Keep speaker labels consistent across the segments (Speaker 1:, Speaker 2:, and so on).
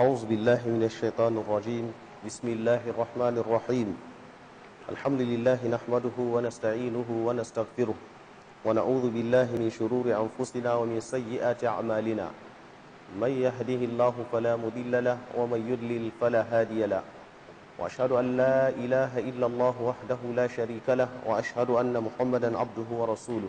Speaker 1: أعوذ بالله من الشيطان الرجيم بسم الله الرحمن الرحيم الحمد لله نحمده ونستعينه ونستغفره ونعوذ بالله من شرور أنفسنا ومن سيئات أعمالنا من يهده الله فلا مضل له ومن يضلل فلا هادي له وأشهد أن لا إله إلا الله وحده لا شريك له وأشهد أن محمدا عبده ورسوله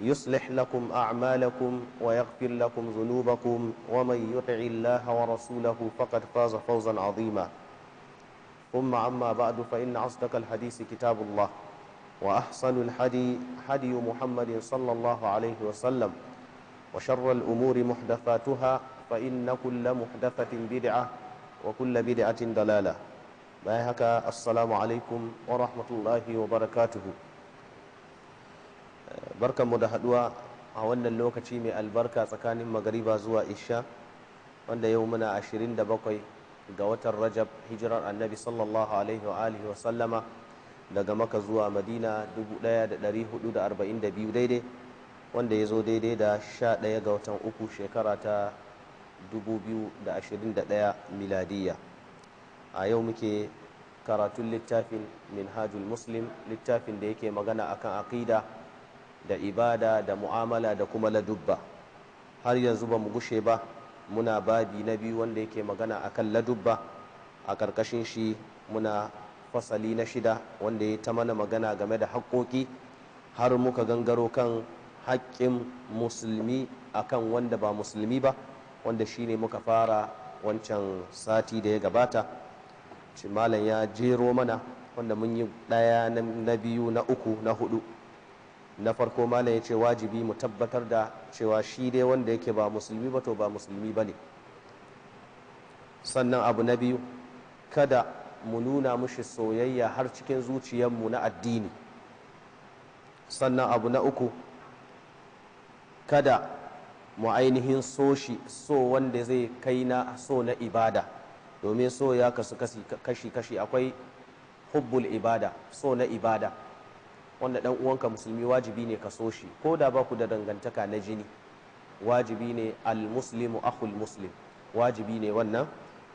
Speaker 1: يصلح لكم أعمالكم ويغفر لكم ذنوبكم ومن يطع الله ورسوله فقد فاز فوزا عظيما ثم عما بعد فإن أصدق الحديث كتاب الله وأحسن الحدي حدي محمد صلى الله عليه وسلم وشر الأمور محدثاتها فإن كل محدثة بدعة وكل بدعة ضلالة ما هكا السلام عليكم ورحمة الله وبركاته barkanmu da haduwa a wannan lokaci mai albarka tsakanin magariba zuwa isha wanda yau muna 27 ga watan rajab hijirar annabi sallallahu alaihi wa alihi wa sallama daga maka zuwa madina 1442 daidai wanda ya zo daidai da 11 ga watan uku shekara ta 2021 miladiyya a yau muke karatun littafin minhajul muslim littafin da yake magana akan aqida da ibada da mu'amala da kuma ladubba har yanzu ba mu gushe ba muna babi na biyu wanda yake magana a kan ladubba a ƙarƙashin shi muna fasali na shida wanda ya ta mana magana game da haƙƙoƙi har muka gangaro kan haƙƙin musulmi a kan wanda ba musulmi ba wanda shi ne muka fara wancan sati da ya gabata malam ya jero mana wanda mun yi ɗaya na biyu na uku na hudu na farko malam ya ce wajibi mu tabbatar da cewa shi dai wanda yake ba musulmi ba to ba musulmi ba ne sannan abu na biyu kada mu nuna mushi soyayya har cikin zuciyarmu na addini sannan abu na uku kada mu ainihin so shi so wanda zai kai na so na ibada domin so ya kasu kashi-kashi akwai hubbul ibada so na ibada wanda dan uwanka musulmi wajibi ne ka so shi ko da baku da dangantaka na jini wajibi ne muslimu akhul muslim wajibi ne wannan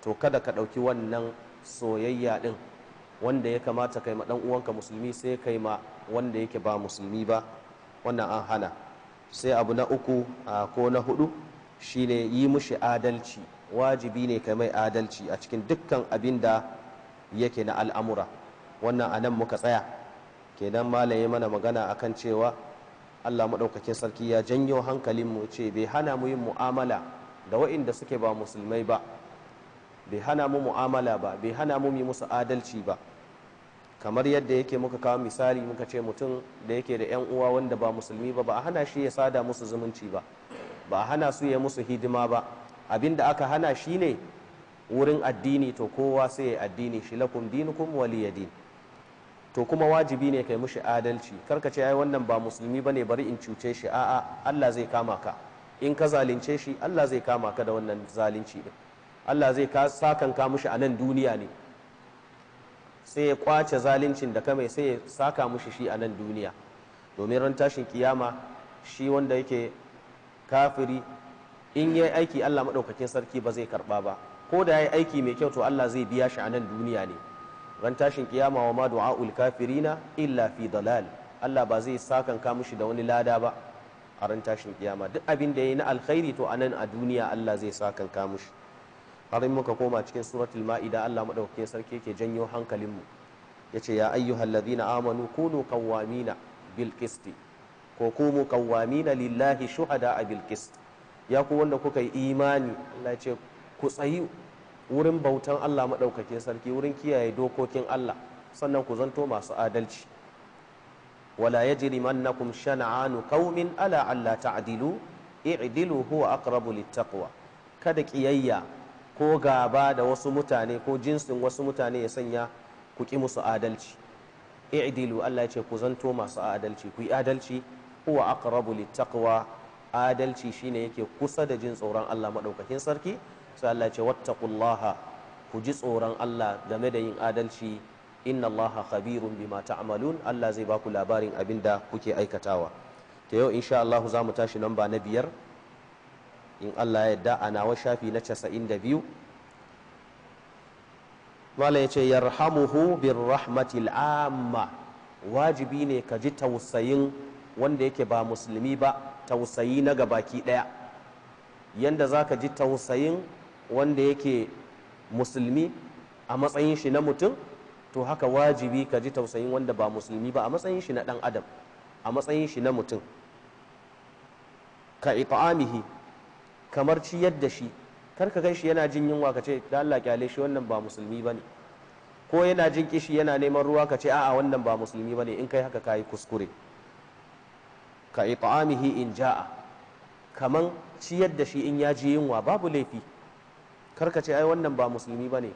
Speaker 1: to kada ka dauki wannan soyayya din wanda ya kamata kai ma dan uwanka musulmi sai kai ma wanda yake ba musulmi ba wannan an hana sai abu na uku ko na hudu shine yi mushi adalci wajibi ne kai mai adalci a cikin dukkan abin da yake na al'amura wannan anan muka tsaya kenan malaye mana magana akan cewa Allah maɗaukakin sarki ya janyo hankalinmu ce bai hana mu yin mu'amala da wa'inda suke ba musulmai ba bai hana mu mu'amala ba bai hana mu yi musu adalci ba kamar yadda yake muka kawo misali muka ce mutum da yake da yan uwa wanda ba musulmi ba ba a hana shi ya sada musu zumunci ba ba a hana su ya musu hidima ba abin da aka hana shi ne wurin addini to kowa sai ya addini shi lakum dinukum waliyadin to kuma wajibi ne kai mushi adalci karka ce ai wannan ba musulmi bane bari in cuce shi a'a Allah zai kama ka in ka zalunce shi Allah zai kama ka da wannan zalunci din Allah zai ka ka mushi a nan duniya ne sai ya kwace zaluncin da mai sai ya saka mushi shi a nan duniya domin ran tashin kiyama shi wanda yake kafiri in yayi aiki Allah madaukakin sarki ba zai karba ba ko da yayi aiki mai kyau to Allah zai biya shi a nan duniya ne ran tashin kiyama wa ma du'a'ul kafirina illa fi dalal Allah ba zai sakan ka mushi da wani lada ba a ran tashin kiyama duk abin da yayi na alkhairi to anan a duniya Allah zai sakan ka mushi har in muka koma cikin suratul ma'ida Allah madaukakin sarki yake janyo hankalin mu yace ya ayyuhalladhina amanu kunu qawwamina bil qisti ko kumu qawwamina lillahi shuhada bil qist ya ku wanda kuka yi imani Allah ya ce ku tsayi wurin bautan Allah maɗaukakin sarki wurin kiyaye dokokin Allah sannan ku zanto masu adalci wala ya yajrimannakum shana'anu kaumin ala Allah ta'dilu i'dilu huwa aqrabu littaqwa kada kiyayya ko gaba da wasu mutane ko jinsin wasu mutane ya sanya ku ki musu adalci i'dilu Allah ya ce ku zanto masu adalci ku yi adalci huwa aqrabu littaqwa adalci shine yake kusa da jin tsoron Allah maɗaukakin sarki sai Allah ce wattaqullaha ku ji tsoron Allah game da yin adalci inna Allah khabirun bima ta'malun Allah zai baku labarin abin da kuke aikatawa ta yau insha Allah za mu tashi namba na biyar in Allah ya yarda a nawa shafi na 92 mala yace yarhamuhu bir amma wajibi ne ka ji tausayin wanda yake ba musulmi ba tausayi na gabaki daya yanda za ka ji tausayin wanda yake musulmi a matsayin shi na mutum to haka wajibi ka ji tausayin wanda ba musulmi ba a matsayin shi na ɗan adam a matsayin shi na mutum ka ita'amihi kamar ciyar da shi kar ka shi yana jin yunwa ka ce da Allah kyale shi wannan ba musulmi ba ne ko yana jin kishi yana neman ruwa ka ce a'a wannan ba musulmi ba ne in kai haka kayi kuskure ka ita'amihi in ja'a kaman ciyar da shi in ya ji yunwa babu laifi karka ce ai wannan ba musulmi ba ne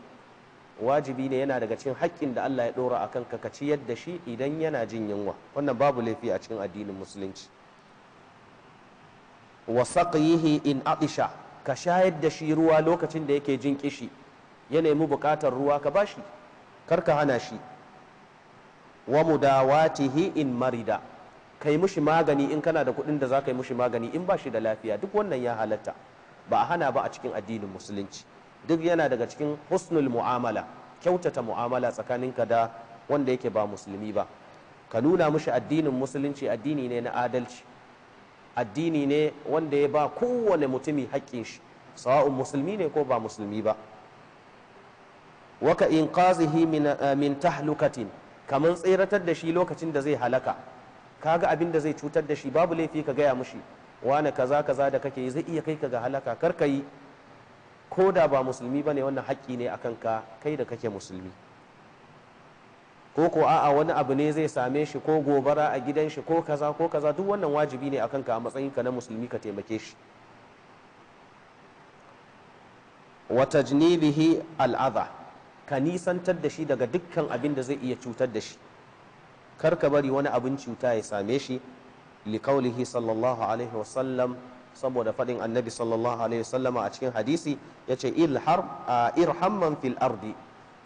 Speaker 1: wajibi ne yana daga cikin haƙƙin da Allah ya ɗora a kanka ka ci yadda shi idan yana jin yunwa wannan babu laifi a cikin addinin musulunci wa saqihi in aqisha ka shayar da shi ruwa lokacin da yake jin kishi ya nemi buƙatar ruwa ka bashi kar ka hana shi wa mudawatihi in marida kai mushi magani in kana da kuɗin da za ka yi mushi magani in ba shi da lafiya duk wannan ya halatta ba a hana ba a cikin addinin musulunci duk yana daga cikin husnul mu'amala kyautata mu'amala tsakaninka da wanda yake ba musulmi ba ka nuna mishi addinin musulunci addini ne na adalci addini ne wanda ya ba kowane mutumi haƙƙin shi sawa'un musulmi ne ko ba musulmi ba waka inqazihi min eh, tahlukatin kamar tseratar da shi lokacin da zai halaka kaga abin da zai cutar da shi babu laifi ka gaya mushi wane kaza kaza da kake yi zai iya kai ka ga halaka kar ka yi ko da ba musulmi ba ne wannan haƙƙi ne a kanka kai da kake musulmi ko ko a'a wani abu ne zai same shi ko gobara a gidan shi ko kaza ko kaza duk wannan wajibi ne a kanka a matsayin ka na musulmi ka taimake shi wa tajnibihi al'adha ka nisantar da shi daga dukkan abin da zai iya cutar da shi kar ka bari wani abin cuta ya same shi liqaulihi sallallahu alaihi wasallam saboda faɗin annabi sallallahu alaihi wasallama a cikin hadisi ya ce irham man fil ardi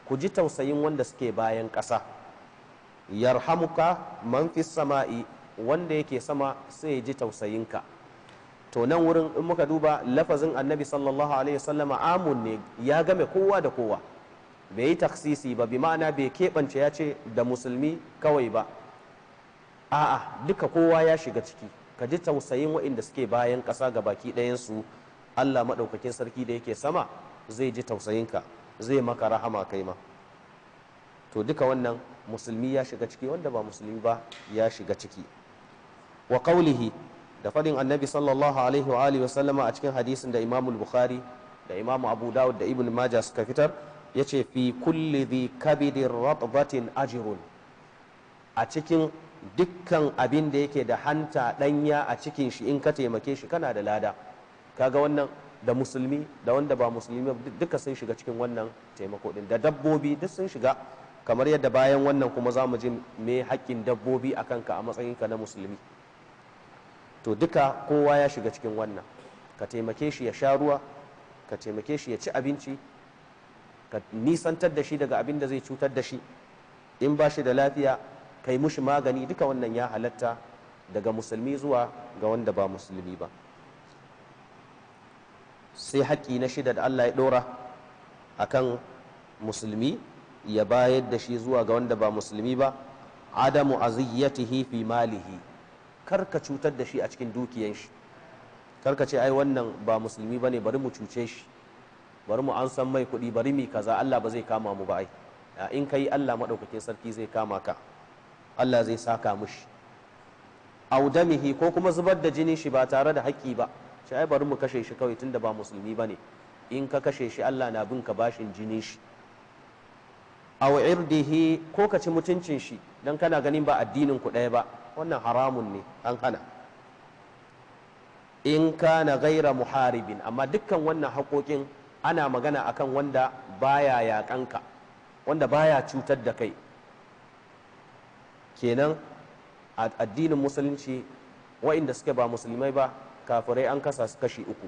Speaker 1: ku ji tausayin wanda suke bayan ƙasa yarhamuka man fis sama'i wanda yake sama sai ya ji ka. to nan wurin in muka duba lafazin annabi sallallahu alaihi wasallama amun ne ya game kowa da kowa bai yi taksisi ba bi ma'ana bai keɓance ya ce da musulmi kawai ba a'a duka kowa ya shiga ciki ka ji tausayin waɗanda suke bayan ƙasa ga baki ɗayansu Allah maɗaukakin sarki da yake sama zai ji tausayinka zai maka rahama kai ma to duka wannan musulmi ya shiga ciki wanda ba musulmi ba ya shiga ciki wa qaulihi da faɗin annabi sallallahu alaihi wa alihi wa a cikin hadisin da imamu bukhari da imamu abu dawud da ibn majah suka fitar ya ce fi kulli dhi kabidin ratbatin ajrun a cikin dukkan abin da yake da hanta ɗanya a cikin shi in ka taimake shi kana da lada kaga wannan da musulmi da wanda ba musulmi duka sun shiga cikin wannan taimako din da dabbobi duk sun shiga kamar yadda bayan wannan kuma za mu ji me haƙƙin dabbobi a kanka a matsayinka na musulmi to duka kowa ya shiga cikin wannan ka taimake shi ya sha ruwa ka taimake shi ya ci abinci ka nisantar da shi daga abin da zai cutar da shi in ba shi da lafiya kai mushi magani duka wannan ya halatta daga musulmi zuwa ga wanda ba musulmi ba sai haƙƙi na shida da Allah ya ɗora kan musulmi ya bayar da shi zuwa ga wanda ba musulmi ba adamu aziyyatihi fi malihi karka cutar da shi a cikin dukiyan shi karka ce ai wannan ba musulmi bane bari mu cuce shi bari mu an san mai kuɗi bari mi kaza Allah ba zai kama mu ba ai in kai Allah maɗaukakin sarki zai kama ka Allah zai saka mushi audamihi ko kuma zubar da jini shi ba tare da haƙƙi ba shi ai bari mu kashe shi kawai tunda ba musulmi bane in ka kashe shi Allah na bin ka bashin jini shi aw irdihi ko ka ci mutuncin shi dan kana ganin ba addinin ku ɗaya ba wannan haramun ne an hana in kana gaira muharibin amma dukkan wannan haƙoƙin ana magana akan wanda baya yaƙanka wanda baya cutar da kai kenan a addinin musulunci wa'inda suke ba musulmai ba kafirai an kasa su kashi uku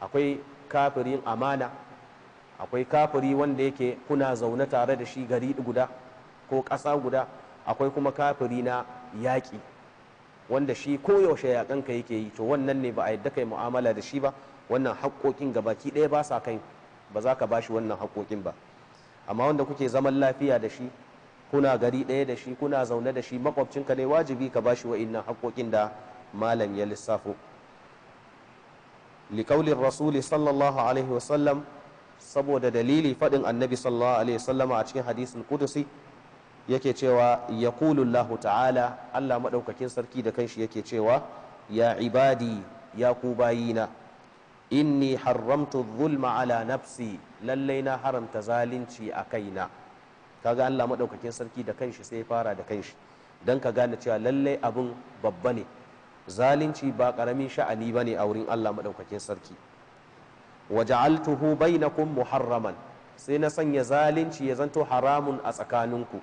Speaker 1: akwai kafirin amana akwai kafiri wanda yake kuna zaune tare da shi gari guda ko ƙasa guda akwai kuma kafiri na yaƙi wanda shi koyaushe yaƙanka yake yi to wannan ne ba a yadda kai mu'amala da shi ba wannan haƙoƙin gabaki ɗaya ba sa kai ba za ka ba shi wannan haƙoƙin ba amma wanda kuke zaman lafiya da shi kuna gari ɗaya da shi kuna zaune da shi makwabcinka ne wajibi ka bashi wa'innan haƙoƙin da malam ya lissafo liƙaulin rasuli sallallahu alaihi wasallam saboda dalili faɗin annabi sallallahu alaihi wasallam a cikin hadisin kudusi yake cewa ya kulullahu ta'ala allah maɗaukakin sarki da kanshi yake cewa ya ibadi ya ku bayina inni haramtu zulma ala nafsi lallai na haramta zalunci a kaina kaga Allah maɗaukakin sarki da kanshi sai ya fara da kanshi dan ka gane cewa lallai abun babba ne zalunci ba karamin sha'ani ne a wurin Allah maɗaukakin sarki na bainakum muharraman sai na sanya zalunci ya zanto haramun a tsakaninku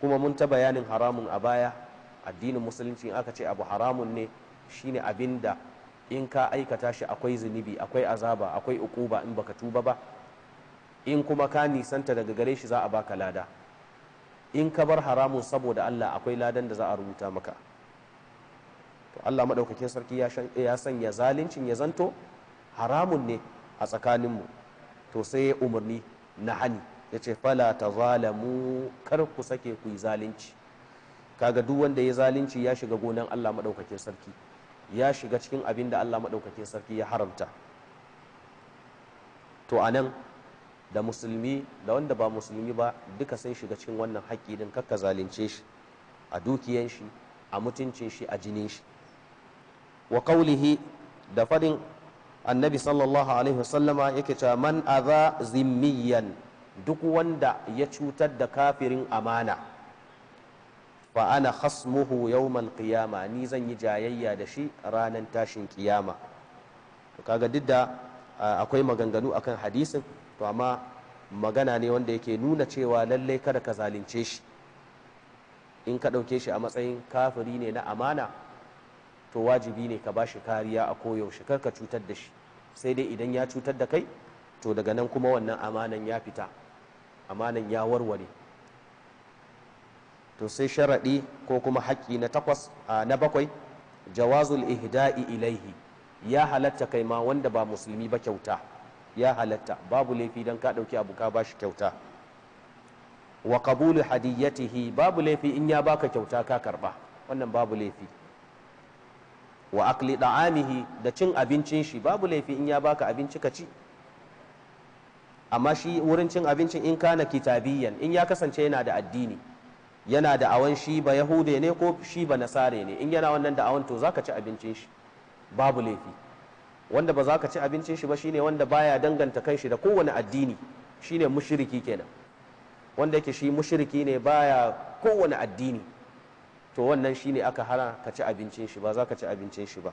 Speaker 1: kuma mun ta bayanin haramun a baya addinin musulunci aka ce abu haramun ne shine abinda in ka aikata shi akwai zunubi akwai azaba akwai ukuba in baka tuba ba in kuma ka nisanta daga gare shi za a baka lada in ka bar haramun saboda Allah akwai ladan da za a rubuta maka to Allah maɗaukakin sarki ya sanya zalincin ya zanto haramun ne a tsakaninmu to sai ya umarni na hani ya ce fala ta zalamu kar ku sake ku yi zalunci kaga duk wanda ya zalunci ya shiga gonan Allah maɗaukakin sarki ya shiga cikin abin da Allah maɗaukakin sarki ya haramta to anan da musulmi da wanda ba musulmi ba duka sun shiga cikin wannan haƙƙi din kakka zalunce shi a dukiyan shi a mutuncin shi a jinin shi wa qawlihi da fadin annabi sallallahu alaihi wasallama yake cewa man adha zimmiyan duk wanda ya cutar da kafirin amana fa ana khasmuhu yawmal qiyama ni zan yi jayayya da shi ranan tashin kiyama kaga duk da akwai maganganu akan hadisin to amma magana ne wanda yake nuna cewa lallai kada ka zalunce shi in ka ɗauke shi a matsayin kafiri ne na amana to wajibi ne ka bashi kariya a koyaushe kar ka cutar da shi sai dai idan ya cutar da kai to daga nan kuma wannan amanan ya fita amanan ya warware to sai sharaɗi ko kuma haƙƙi na takwas na bakwai jawazul ihda'i ilaihi ya halatta kai ma wanda ba musulmi ba kyauta ya halatta babu laifi don ka ɗauki abu ka bashi kyauta wa kabulu hadiyatihi babu laifi in ya baka kyauta ka karba wannan babu laifi wa akli da'amihi da cin abincin shi babu laifi in ya baka abinci ka ci amma shi wurin cin abincin in kana kitabiyan in ya kasance yana da addini yana da awan shi ba yahude ne ko shi ba nasare ne in yana wannan da awan to zaka ci abincin shi babu laifi wanda ba za ka ci abincin shi ba shine wanda baya danganta kanshi da kowane addini shine mushriki kenan wanda yake shi mushriki ne baya kowane addini to wannan shine aka hana ka ci abincin shi ba za ka ci abincin shi ba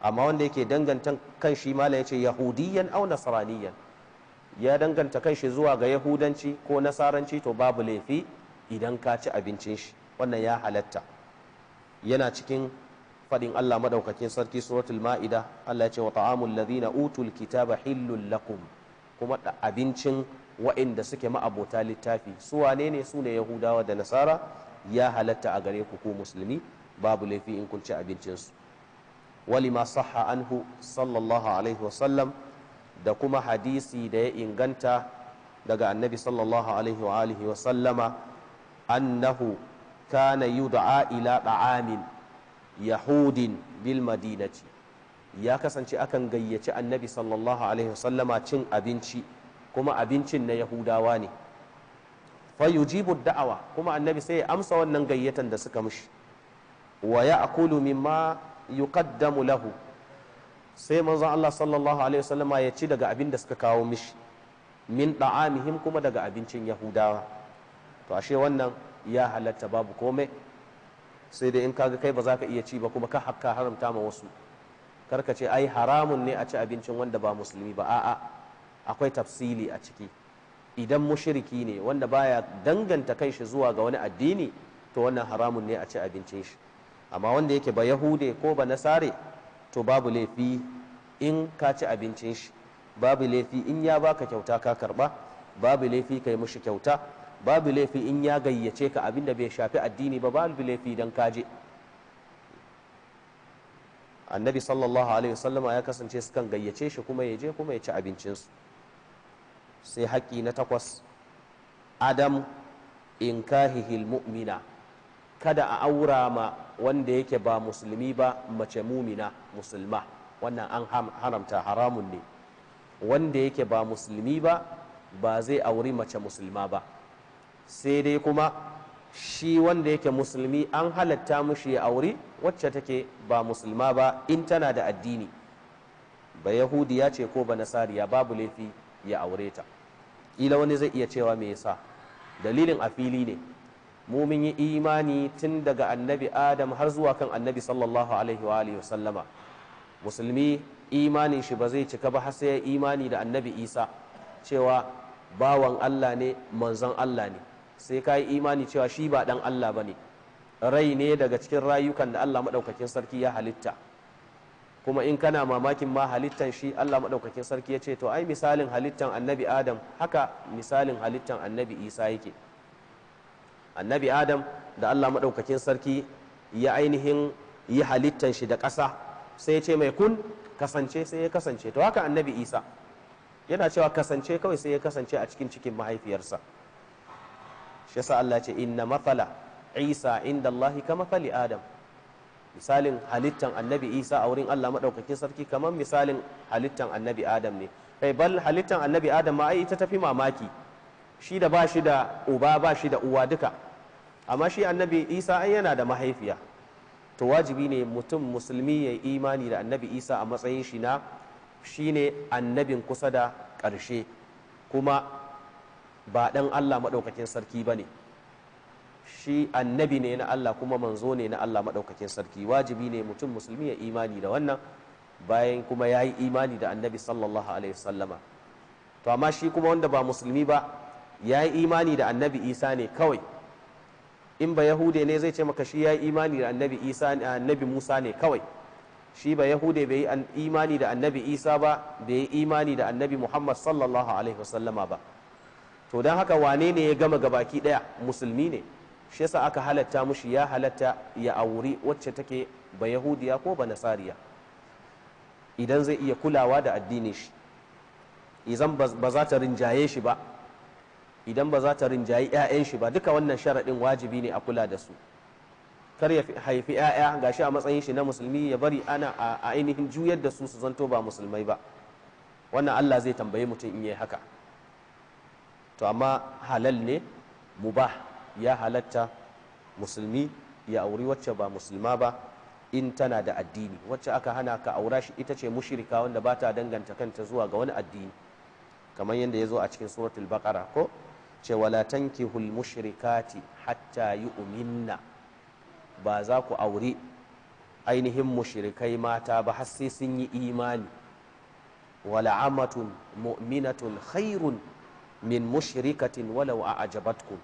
Speaker 1: amma wanda yake danganta kan shi mala ce yahudiyan au nasraniyan ya danganta kan shi zuwa ga yahudanci ko nasaranci to babu laifi idan ka ci abincin shi wannan ya halatta yana cikin fadin Allah madaukakin sarki suratul ma'ida Allah ya ce wa ta'amul ladhina utul kitaba hillul lakum kuma da abincin wa'inda suke ma'abota littafi su wane ne su ne yahudawa da nasara ya halatta a gare ku ko musulmi babu laifi in kun ci abincin su wali ma sahha anhu sallallahu alaihi wa sallam da kuma hadisi da ya inganta daga annabi sallallahu alaihi wa alihi wa sallama annahu kana yud'a ila da'amin yahudin bil madinati ya kasance akan gayyaci annabi sallallahu alaihi wasallama cin abinci kuma abincin na yahudawa ne fayujibu da'awa kuma annabi sai ya amsa wannan gayyatan da suka mishi wa ya'kulu mimma yuqaddamu lahu sai manzon Allah sallallahu alaihi wasallama ya ci daga abin da suka kawo mishi min da'amihim kuma daga abincin yahudawa to ashe wannan ya halatta babu komai sai dai in kaga kai ba za ka iya ci ba kuma ka hakka haramta ma wasu karka ce ai haramun ne a ci abincin wanda ba musulmi ba a'a akwai tafsili a ciki idan mushriki ne wanda baya danganta kai shi zuwa ga wani addini to wannan haramun ne a ci abincin shi amma wanda yake ba yahude ko ba nasare to babu laifi in ka ci abincin shi babu laifi in ya baka kyauta ka karba babu laifi kai mushi kyauta babu laifi in ya gayyace ka abinda bai shafi addini ba babu laifi ka kaje annabi sallallahu alaihi wasallama ya kasance sukan gayyace shi kuma ya je kuma ya ci abincinsu sai haƙƙi na takwas adam in kahihil mu'mina kada a aura ma wanda yake ba musulmi ba mace mumina musulma wannan an haramta haramun ne wanda yake ba musulmi ba ba zai auri mace musulma ba sai dai kuma shi wanda yake musulmi an halatta mushi ya auri wacce take ba musulma ba in tana da addini ba yahudiya ce ko ba nasariya babu laifi ya aure ta ila wani zai iya cewa me yasa dalilin a fili ne mu yi imani tun daga annabi adam har zuwa kan annabi sallallahu alaihi wa alihi sallama musulmi imanin shi ba zai cika ba har sai imani da annabi isa cewa bawan allah ne manzon allah ne sai ka yi imani cewa shi ba dan Allah ba ne rai ne daga cikin rayukan da Allah maɗaukakin sarki ya halitta kuma in kana mamakin ma halittan shi Allah maɗaukakin sarki ya ce to ai misalin halittan annabi adam haka misalin halittan annabi isa yake annabi adam da Allah maɗaukakin sarki ya ainihin yi halittan shi da ƙasa sai ya ce mai kun kasance sai ya kasance to haka annabi isa yana cewa kasance kawai sai ya kasance a cikin cikin mahaifiyarsa shi yasa Allah ce inna mathala Isa inda Allah kama mathali Adam misalin halittan annabi Isa a wurin Allah madaukakin sarki kamar misalin halittan annabi Adam ne kai bal halittan annabi Adam ma ai ita tafi mamaki shi da ba shi da uba ba shi da uwa duka amma shi annabi Isa an yana da mahaifiya to wajibi ne mutum musulmi ya imani da annabi isa a matsayin shi na shine annabin kusa da ƙarshe kuma ba dan Allah maɗaukakin sarki ba ne shi annabi ne na Allah kuma manzo ne na Allah maɗaukakin sarki wajibi ne mutum musulmi ya imani da wannan bayan kuma ya yi imani da annabi sallallahu alaihi wasallama to amma shi kuma wanda ba musulmi ba ya yi imani da annabi isa ne kawai in ba yahude ne zai ce maka shi ya yi imani da annabi isa annabi musa ne kawai shi ba yahude bai yi imani da annabi isa ba bai yi imani da annabi muhammad sallallahu alaihi wasallama ba to don haka wane ne ya gama gabaki daya musulmi ne shi yasa aka halatta mushi ya halatta ya auri wacce take ba yahudiya ko ba nasariya idan zai iya kulawa da addinin shi idan ba za ta rinjaye shi ba idan ba za ta rinjaye 'ya'yan shi ba duka wannan sharaɗin wajibi ne a kula da su kar ya haifi 'ya'ya gashi a matsayin shi na musulmi ya bari ana a ainihin juyar da su su zanto ba musulmai ba wannan allah zai tambaye mutum in yi haka to amma halal ne mubah ya halatta musulmi ya auri wacce ba musulma ba in tana da addini wacce aka hana ka aura shi ita ce mushrika wanda ba ta danganta kanta zuwa ga wani addini kamar yadda ya zo a cikin suratul baqara ko ce wala tankihul mushrikati hatta yu'minna ba za ku auri ainihin mushrikai mata ba har sai sun yi imani wala amatun mu'minatun khairun min mushrikatin walau a ajabatkum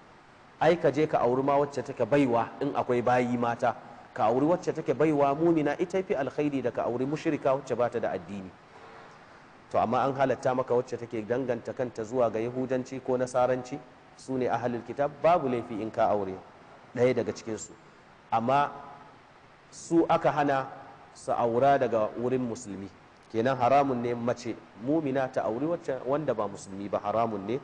Speaker 1: ai ka je ka auri ma wacce take baiwa in akwai bayi mata ka auri wacce take baiwa mumina ita fi alkhairi da ka auri mushrika wacce bata da addini to amma an halatta maka wacce take danganta kanta zuwa ga yahudanci ko nasaranci su ne ahalul kitab babu laifi in ka aure ɗaya daga cikinsu amma su aka hana su aura daga wurin musulmi kenan haramun ne mace mumina ta auri wacce wanda ba musulmi ba haramun ne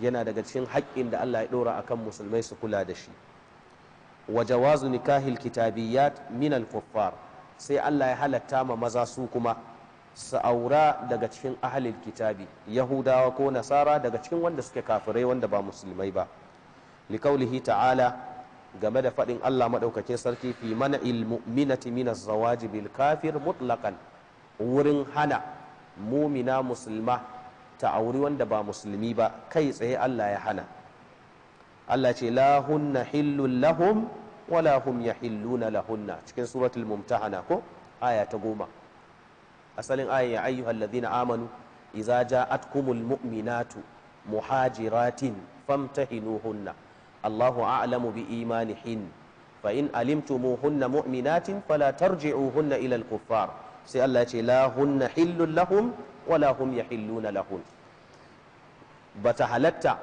Speaker 1: yana daga cikin haƙƙin da Allah ya ɗora akan musulmai su kula da shi wa jawazu nikahil kitabiyat min al kuffar sai Allah ya halatta ma maza su kuma su aura daga cikin ahlil kitabi yahudawa ko nasara daga cikin wanda suke kafirai wanda ba musulmai ba likaulihi ta'ala game da faɗin Allah maɗaukakin sarki fi mana mu'minati min zawaji bil kafir mutlaqan wurin hana mumina musulma ta auri wanda ba musulmi ba kai tsaye Allah ya hana Allah ce la hunna hillun lahum wala hum yahilluna lahunna cikin suratul mumtahana ko aya ta goma asalin ayan ya ayyuhal ladina amanu iza ja'atkumul mu'minatu muhajiratin famtahinuhunna Allahu a'lamu bi imanihin fa in alimtumuhunna mu'minatin fala tarji'uhunna ila kuffar sai Allah ya ce la hunna hillun lahum la hum yahilluna lahun bata halatta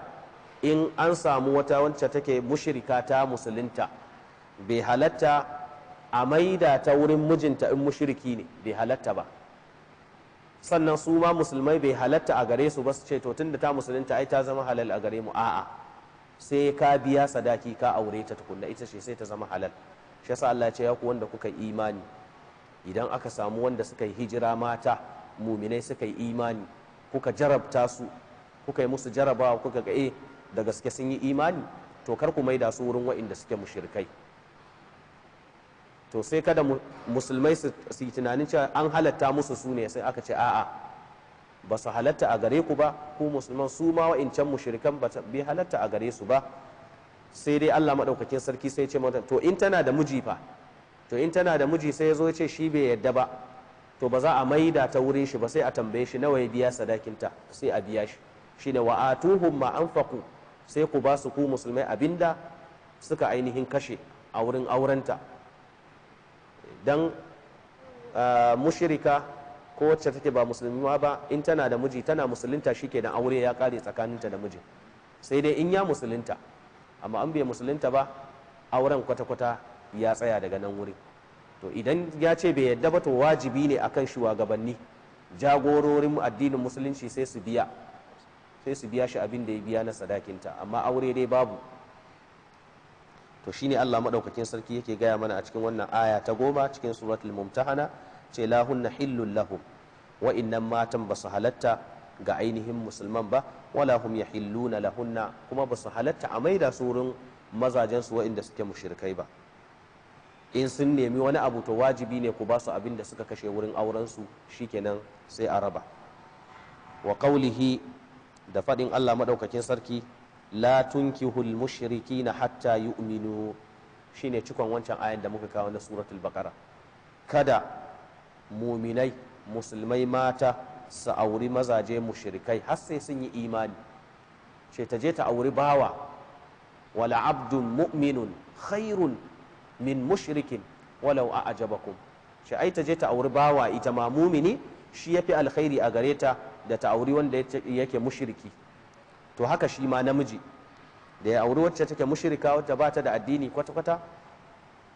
Speaker 1: in an samu wata wacce take mushrika ta musulunta bai halatta a maida ta wurin mijinta in mushriki ne bai halatta ba sannan su ma musulmai bai halatta a gare su ba su ce to tunda ta musulunta ai ta zama halal a gare mu a'a sai ka biya sadaki ka aure ta tukunna ita ce sai ta zama halal shi yasa Allah ya ce ya ku wanda kuka imani idan aka samu wanda suka yi hijira mata muminai suka yi imani kuka jarabta su kuka yi musu jarabawa kuka ga eh, da gaske sun yi imani to kar ku maida su wurin wa'inda suke mushrikai to sai kada musulmai su yi tunanin cewa an halatta musu su ne sai aka ce a'a ba su halatta a gare ku ba ku musulman su ma wa'incan mushrikan ba bi halatta a gare su ba sai dai Allah madaukakin sarki sai ce mata to in tana da miji fa to in tana da miji sai ya zo ce shi bai yadda ba to ba za a maida ta wurin shi ba sai a tambaye shi nawa ya biya sadakinta sai a biya shi shine wa atuhum ma anfaqu sai ku ba su ku musulmai abinda suka ainihin kashe a wurin aurenta dan eh, mushirika ko wacce take ba ma ba in tana da miji tana musulunta ke da aure ya kare tsakaninta da miji sai dai in ya musulunta amma an bai musulunta ba auren kwata-kwata ya tsaya daga nan wuri to idan ya ce bai yadda ba to wajibi ne akan shugabanni jagororin addinin musulunci sai su biya sai su biya shi abin da ya biya na sadakinta amma aure dai babu to shine Allah madaukakin sarki yake gaya mana a cikin wannan aya ta goma cikin suratul mumtahana ce lahunna hillul lahum wa matan ba su halatta ga ainihin musulman ba wala hum yahilluna lahunna kuma ba su halatta a maida su wurin mazajen su suke mushrikai ba in sun nemi wani abu to wajibi ne ku ba su abin da suka kashe wurin aurensu shikenan sai a raba wa da faɗin Allah maɗaukakin sarki la tunkihul na hatta yu'minu shine cikon wancan ayan da muka kawo na suratul baqara kada muminai musulmai mata su auri mazaje mushrikai har sai sun yi imani ce ta je ta auri bawa wala abdun mu'minun khairun min mushrikin walau a ajabakum shi ai ta je ta auri bawa ita ma mumini shi yafi alkhairi a gare ta da ta auri wanda yake mushriki to haka shi ma namiji da ya auri wacce take mushrika wacce ba ta da addini kwata-kwata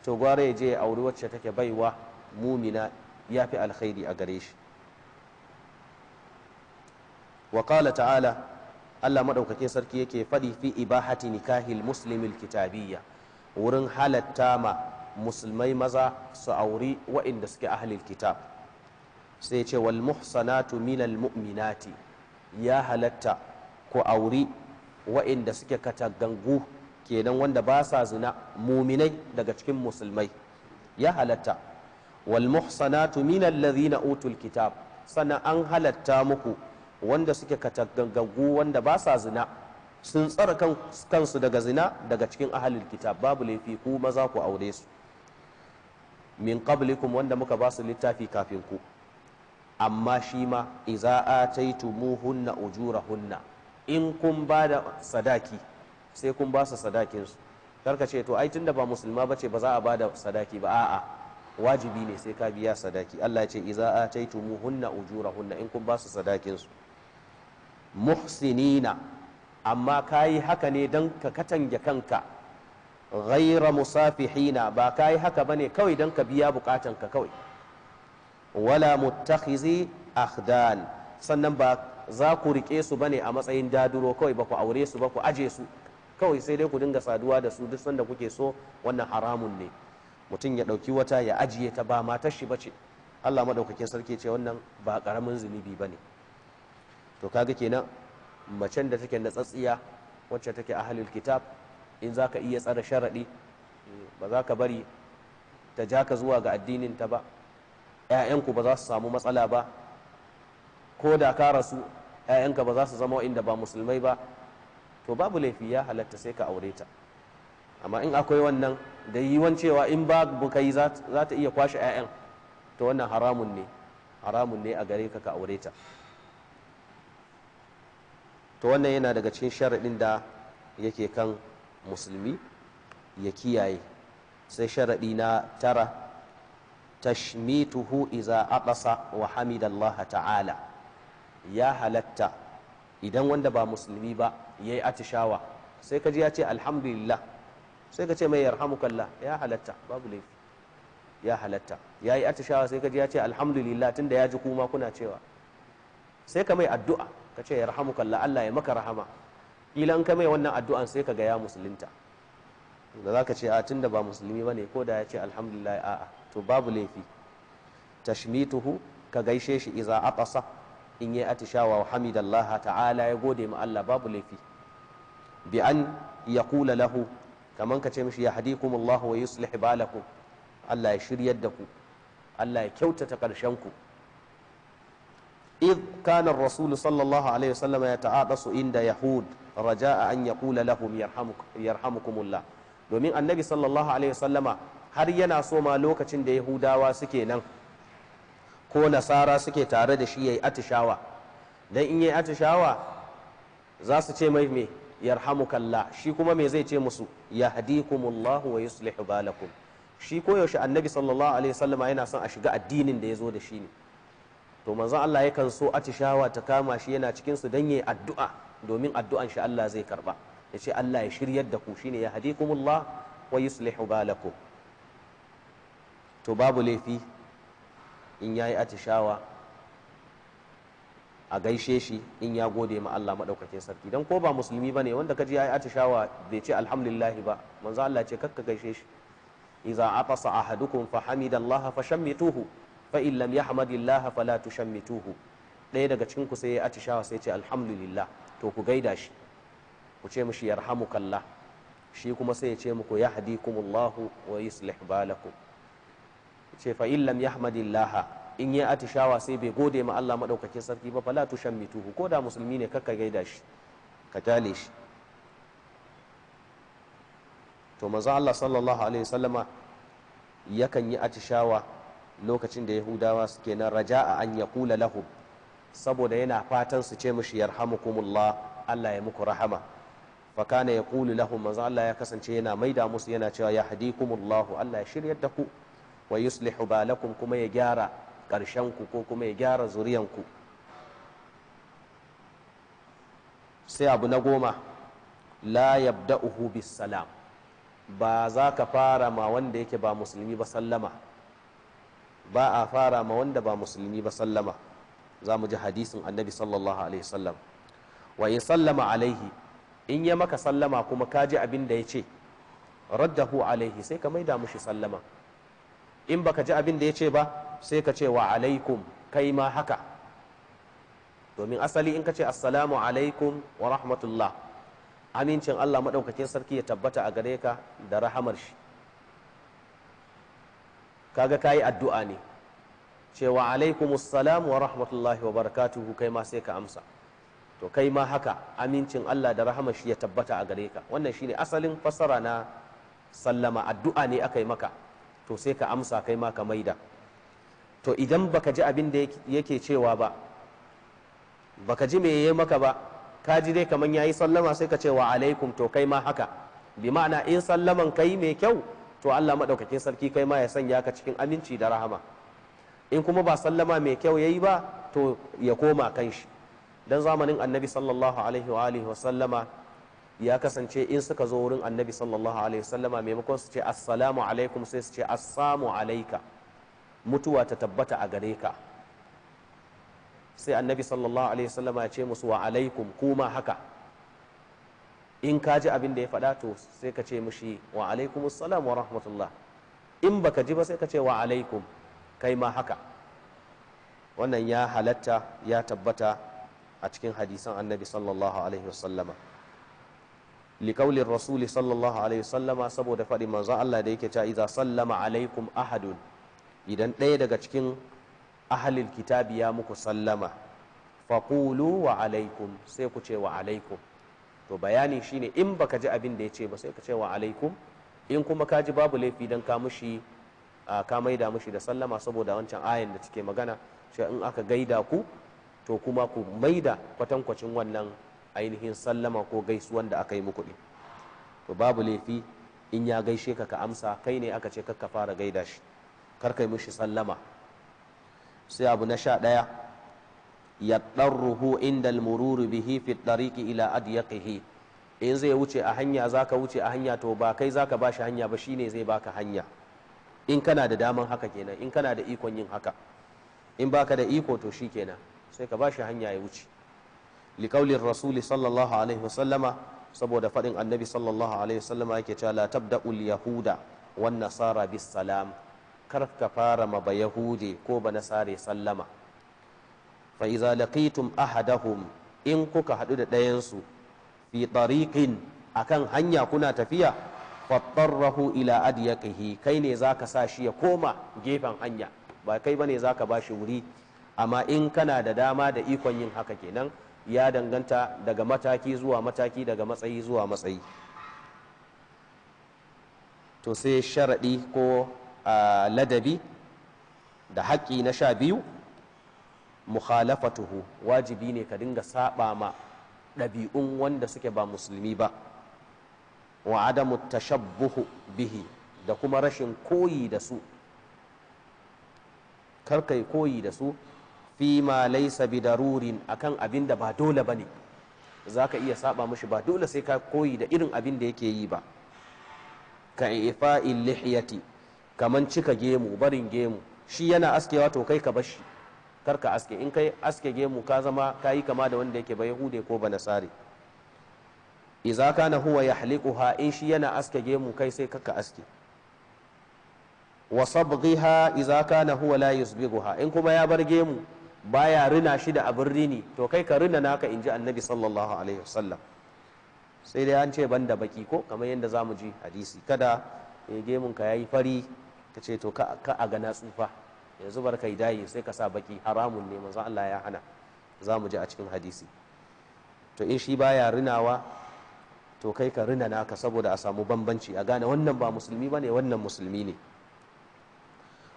Speaker 1: to gwara ya je ya auri wacce take baiwa mumina ya fi alkhairi a gare shi wa ta'ala allah maɗaukakin sarki yake faɗi fi ibahati nikahil muslimil kitabiyya wurin halatta ma musulmai maza su auri wa'inda suke ahlil kitab sai ce wal muhsanatu minal mu'minati ya halatta ku auri wa'inda suke katagangu kenan wanda ba sa zina muminai daga cikin musulmai ya halatta wal muhsanatu minal ladhina utul kitab sannan an halatta muku wanda suke katagangu wanda ba sa zina sun tsara kansu daga zina daga cikin ahalil kitab babu laifi ku maza ku aure su min qablikum wanda muka ba su littafi kafin ku amma shi ma iza ataitumuhunna ujurahunna in kun ba da sadaki sai kun ba su sadakin su karka ce to ai tunda ba musulma bace ba za a ba da sadaki ba a'a wajibi ne sai ka biya sadaki Allah ya ce iza ataitumuhunna ujurahunna in kun ba su sadakin su muhsinina amma ka yi haka ne don ka katange kanka ghaira musafihina ba ka yi haka ba ne kawai don ka biya bukatan ka kawai wala muttakhizi akhdan sannan ba za ku rike su bane a matsayin daduro kawai ba ku aure su ba ku aje su kawai sai dai ku dinga saduwa da su duk sanda kuke so wannan haramun ne mutum ya dauki wata ya ajiye ta ba matar shi bace Allah maɗaukakin sarki ce wannan ba karamin zunubi ne to kaga kenan macen da take natsatsiya wacce take a halin kitab in za ka iya tsara sharaɗi ba za ka bari ta ja ka zuwa ga addinin ta ba 'ya'yanku ba za su samu matsala ba ko da ka rasu 'ya'yanka ba za su zama inda ba musulmai ba to babu laifi ya halatta sai ka aure ta amma in akwai wannan da yiwon cewa in ba buka yi za ta iya kwashe 'ya'yan to wannan haramun ne haramun ne a gare ka ka aure ta to wannan yana daga cikin sharaɗin da yake kan musulmi ya kiyaye sai sharaɗi na tara tashmituhu iza aqasa wa hamidallaha ta'ala ya halatta idan wanda ba musulmi ba ya yi atishawa sai ka ji ya ce alhamdulillah sai ka ce mai yarhamukallah ya halatta babu laifi ya halatta ya yi atishawa sai ka ji ya ce alhamdulillah tunda ya ji kuma kuna cewa sai ka mai addu'a ka ce yarhamukallah Allah ya maka rahama kila in ka mai wannan addu'an sai ka ga ya musulunta da ka ce a tunda ba musulmi ne ko da ya ce alhamdulillah a'a to babu laifi tashmituhu ka gaishe shi iza atasa in yi atishawa wa hamidallaha ta'ala ya gode mu Allah babu laifi bi an ya kula lahu kaman ka ce mishi ya hadikum Allah wa yuslih balakum Allah ya shiryar da ku Allah ya kyautata karshen ku id kana rasulu sallallahu alaihi wasallam ya ta'adasu inda yahud raja'a an yaqula lahum yarhamukumullah domin annabi sallallahu alaihi wasallama har yana so ma lokacin da yahudawa suke nan ko nasara suke tare da shi yayi atishawa dan in yayi atishawa za su ce mai me yarhamukallah shi kuma me zai ce musu yahdikumullahu wa yuslihu balakum shi koyaushe annabi sallallahu alaihi wasallama yana son a shiga addinin da ya zo da shi ne to manzon Allah yakan so atishawa ta kama shi yana cikin su dan yayi addu'a domin addu'an shi Allah zai karba yace Allah ya shiryar da ku shine ya hadikumullah wa yuslihu balakum to babu laifi in yayi atishawa a gaishe shi in ya gode ma Allah madaukakin sarki dan ko ba musulmi bane wanda kaji yayi atishawa bai ce alhamdulillah ba manzo Allah ce kakka gaishe shi idza atasa ahadukum fa hamidallaha fashammituhu fa in lam yahmadillah fala tushammituhu ɗaya daga cikin ku sai ya atishawa sai ce alhamdulillah to ku gaida shi ku ce mishi yarhamukallah shi kuma sai ya ce muku yahdikumullahu wa yuslih balakum ce fa in lam yahmadillah in ya atishawa sai bai gode ma Allah madaukakin sarki ba fala tushammituhu ko da musulmi ne kakka gaida shi ka tale shi to manzo Allah sallallahu alaihi wasallama yakan yi atishawa lokacin da yahudawa suke nan raja'a an ya kula lahum saboda yana fatan su ce mishi yarhamukumullah Allah ya muku rahama fakana ya kulu lahum manzo Allah ya kasance yana maida musu yana cewa ya hadikumullahu Allah ya shiryar da ku wa yuslihu balakum kuma ya gyara karshen ku ko kuma ya gyara zuriyan ku sai abu na goma la yabda'uhu bis salam ba za ka fara ma wanda yake ba musulmi ba sallama ba a fara ma wanda ba musulmi ba sallama za mu ji hadisin annabi sallallahu alaihi wasallam wa in sallama alaihi in ya maka sallama kuma ka ji abin da ya ce raddahu alaihi sai ka maida mushi sallama in baka ji abin da ya ce ba sai ka ce wa alaikum kai ma haka domin asali in ka ce assalamu alaikum wa rahmatullah amincin Allah maɗaukakin sarki ya tabbata a gare ka da rahamar shi kaga yi addu'a ne cewa alaikumussalam wa rahmatullahi wa barakatuhu kai ma sai ka amsa to kai ma haka amincin Allah da rahama shi ya tabbata a gare ka wannan shine asalin fassara na sallama addu'a ne aka yi maka to sai ka amsa kai ma ka maida to idan baka ji abin da yake cewa ba baka ji me yayi maka ba ka ji dai kaman yayi sallama sai ka ce alaikum to kai ma haka bi ma'ana in sallaman kai mai kyau to Allah maɗaukakin sarki kai ma ya sanya ka cikin aminci da rahama in kuma ba sallama mai kyau yayi ba to ya koma kan shi dan zamanin annabi sallallahu alaihi wa alihi sallama ya kasance in suka zo wurin annabi sallallahu alaihi wasallama maimakon su ce assalamu alaikum sai su ce assamu alaika mutuwa ta tabbata a gare ka sai annabi sallallahu alaihi sallama ya ce musu wa alaikum kuma haka in ka ji abin da ya faɗa to sai ka ce mishi wa alaikum assalam wa rahmatullah in baka ji ba sai ka ce wa alaikum kai ma haka wannan ya halatta ya tabbata a cikin hadisan annabi sallallahu alaihi wasallama liƙaulin rasuli sallallahu alaihi wasallama saboda faɗi manzo Allah da yake cewa idza sallama alaikum ahadun idan ɗaya daga cikin ahalil kitabi ya muku sallama faqulu wa alaikum sai ku ce wa alaikum to bayani shine in baka ji abin da ya ce ba sai ka ce wa alaikum in kuma ka ji babu laifi dan ka mushi ka maida mushi da sallama saboda wancan ayan da take magana shi in aka gaida ku to kuma ku maida kwatankwacin wannan ainihin sallama ko gaisuwan da aka yi muku din to babu laifi in ya gaishe ka ka amsa kai ne aka ce ka fara gaida shi kar kai mushi sallama sai abu na sha daya. yaddarruhu inda al-mururu bihi fi tariqi ila adyaqihi in zai wuce a hanya zaka wuce a hanya to ba kai zaka bashi hanya ba shine zai baka hanya in kana da daman haka kenan in kana da ikon yin haka in baka da iko to shikenan sai ka bashi hanya ya wuce liqaulir rasul sallallahu alaihi wasallama saboda fadin annabi sallallahu alaihi wasallama yake cewa la tabda'ul yahuda wan nasara bis salam kar ka fara ma ba yahudi ko ba nasare sallama fa iza laqitum ahadahum in kuka haɗu da dayansu fi tariqin akan hanya kuna tafiya rahu ila adyakihi kai ne zaka sa shi ya koma gefen hanya ba kai bane zaka shi wuri amma in kana da dama da ikon yin haka kenan ya danganta daga mataki zuwa mataki daga matsayi zuwa matsayi to sai sharaɗi ko ladabi da haƙƙi na sha biyu mukhalafatuhu wajibi ne ka dinga saba ma ɗabi'un wanda suke ba musulmi ba wa adamu tashabbuhu bihi da kuma rashin koyi da su karkai koyi da su fi ma laisa bidarurin akan abin da ba dole bane za ka iya saba mushi ba dole sai ka koyi da irin abin da yake yi ba ka ifa'il lihiyati kaman cika gemu barin gemu shi yana askewa to kai ka bashi shi karka aske in kai aske gemu ka zama ka yi kama da wanda yake ba yahude ko ba nasari iza kana huwa yahliquha in shi yana aske gemu kai sai karka aske wa sabghiha iza kana huwa la yusbighuha in kuma ya bar gemu baya rina shi da abin rini to kai ka rina naka in ji annabi sallallahu alaihi wasallam sai dai an ce ban da baki ko kamar yadda za mu ji hadisi kada eh, gemun ka yayi fari ka ce to ka a ga na tsufa yanzu bar kai dayi sai ka sa baki haramun ne manzo Allah ya hana za mu ji a cikin hadisi to in shi baya rinawa to kai ka rina naka saboda a samu bambanci a gane wannan ba musulmi ba ne wannan musulmi ne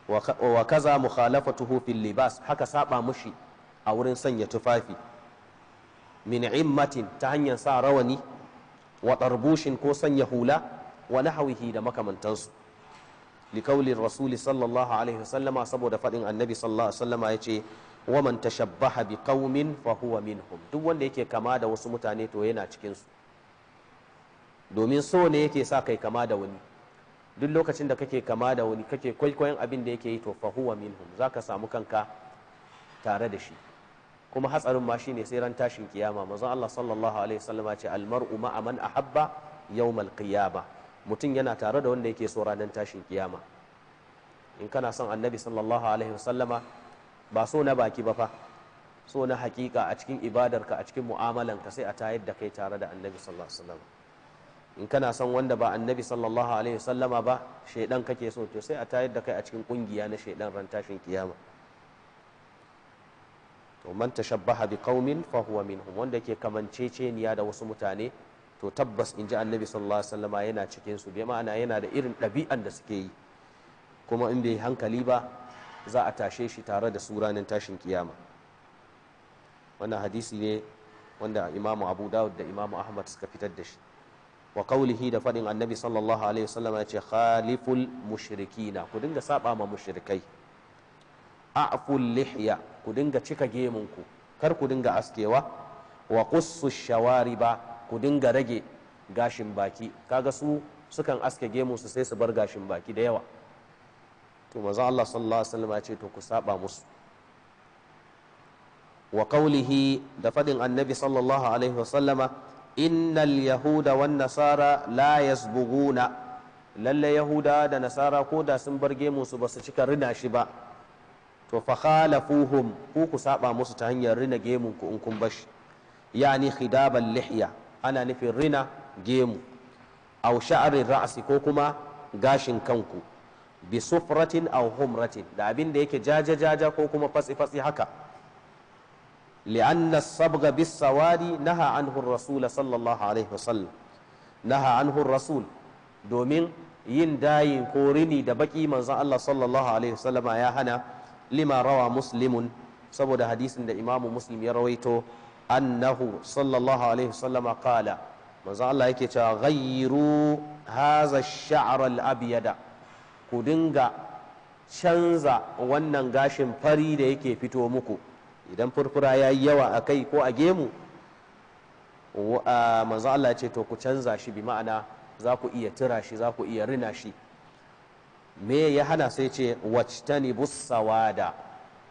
Speaker 1: wa kaza mukhalafatuhu fil libas haka saba mushi a wurin sanya tufafi min immatin ta hanyar sa rawani wa tarbushin ko sanya hula wa nahawihi da makamantansu likaulin rasuli sallallahu alaihi wasallama saboda faɗin annabi sallallahu alaihi wasallama yace wa man tashabbaha bi qaumin fa huwa minhum duk wanda yake kama da wasu mutane to yana cikin su domin so ne yake sa kai kama da wani duk lokacin da kake kama da wani kake kwaikwayon abin da yake yi to fa huwa minhum zaka samu kanka tare da shi kuma hatsarin ma shine sai ran tashin kiyama manzon Allah sallallahu alaihi wasallam ya ce al mar'u ma'a man ahabba yawmal qiyamah mutum yana tare da wanda yake so ranar tashin kiyama in kana son annabi sallallahu alaihi wasallama ba so na baki ba fa so na hakika a cikin ibadarka a cikin mu'amalanka sai a tayar da kai tare da annabi sallallahu alaihi wasallama in kana son wanda ba annabi sallallahu alaihi wasallama ba shaidan kake so to sai a tayar da kai a cikin kungiya na shaidan ran tashin kiyama to man tashabbaha bi qaumin fa huwa minhum wanda yake kamanceceniya da wasu mutane to tabbas in ji annabi sallallahu alaihi wasallama yana cikin su bai ma'ana yana da irin ɗabi'an da suke yi kuma in bai hankali ba za a tashe shi tare da su ranar tashin kiyama wannan hadisi ne wanda imamu abu dawud da imamu ahmad suka fitar da shi wa qaulihi da faɗin annabi sallallahu alaihi wasallama ya ce khaliful mushrikina ku dinga saba ma mushrikai a'ful lihya ku dinga cika gemun ku kar ku dinga askewa wa qussu shawariba ku dinga rage gashin baki kaga su sukan aske gemu su sai su bar gashin baki da yawa to manzo Allah sallallahu alaihi wasallam ya ce to ku saba musu wa qawlihi da fadin annabi sallallahu alaihi wasallama innal yahuda wan nasara la yasbuguna lalle yahuda da nasara ko da sun bar gemu su basu cika rina shi ba to fa khalafuhum ku ku saba musu ta hanyar rina gemun ku in kun bashi yani khidaban lihya ana nufin rina gemu au sha'arin ra'asi ko kuma gashin kanku bi sufratin aw humratin da abin da yake jaja jaja ko kuma fatsi fatsi haka li'anna sabga bis sawari naha anhu rasul sallallahu alaihi wasallam naha anhu rasul domin yin dayin ko rini da baki manzon Allah sallallahu alaihi wasallama ya hana lima rawa muslimun saboda hadisin da imamu muslim ya rawaito annahu sallallahu alaihi sallama kala manzon Allah yake cewa ghayru haza ash-sha'r al-abyada ku dinga canza wannan gashin fari da yake fito muku idan furfura ya yi yawa a kai ko a gemu manzo Allah ya ce to ku canza shi bi ma'ana za ku iya tira shi za ku iya rina shi me ya hana sai ce wactani bussawada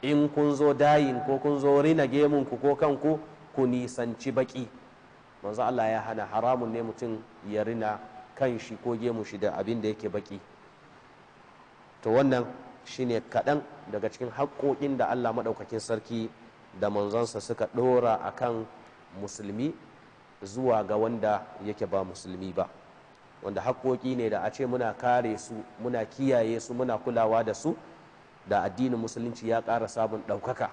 Speaker 1: in kun zo dayin ko kun zo rina gemunku ko kanku ku nisanci baki manzo Allah ya hana haramun ne mutum ya rina kan shi ko gemu shi da abin da yake baki to wannan shine kaɗan daga cikin haƙoƙin da Allah maɗaukakin sarki da manzonsa suka ɗora a kan musulmi zuwa ga wanda yake ba musulmi ba wanda haƙoƙi ne da a ce muna kare su muna kiyaye su muna kulawa da su da addinin musulunci ya ƙara samun ɗaukaka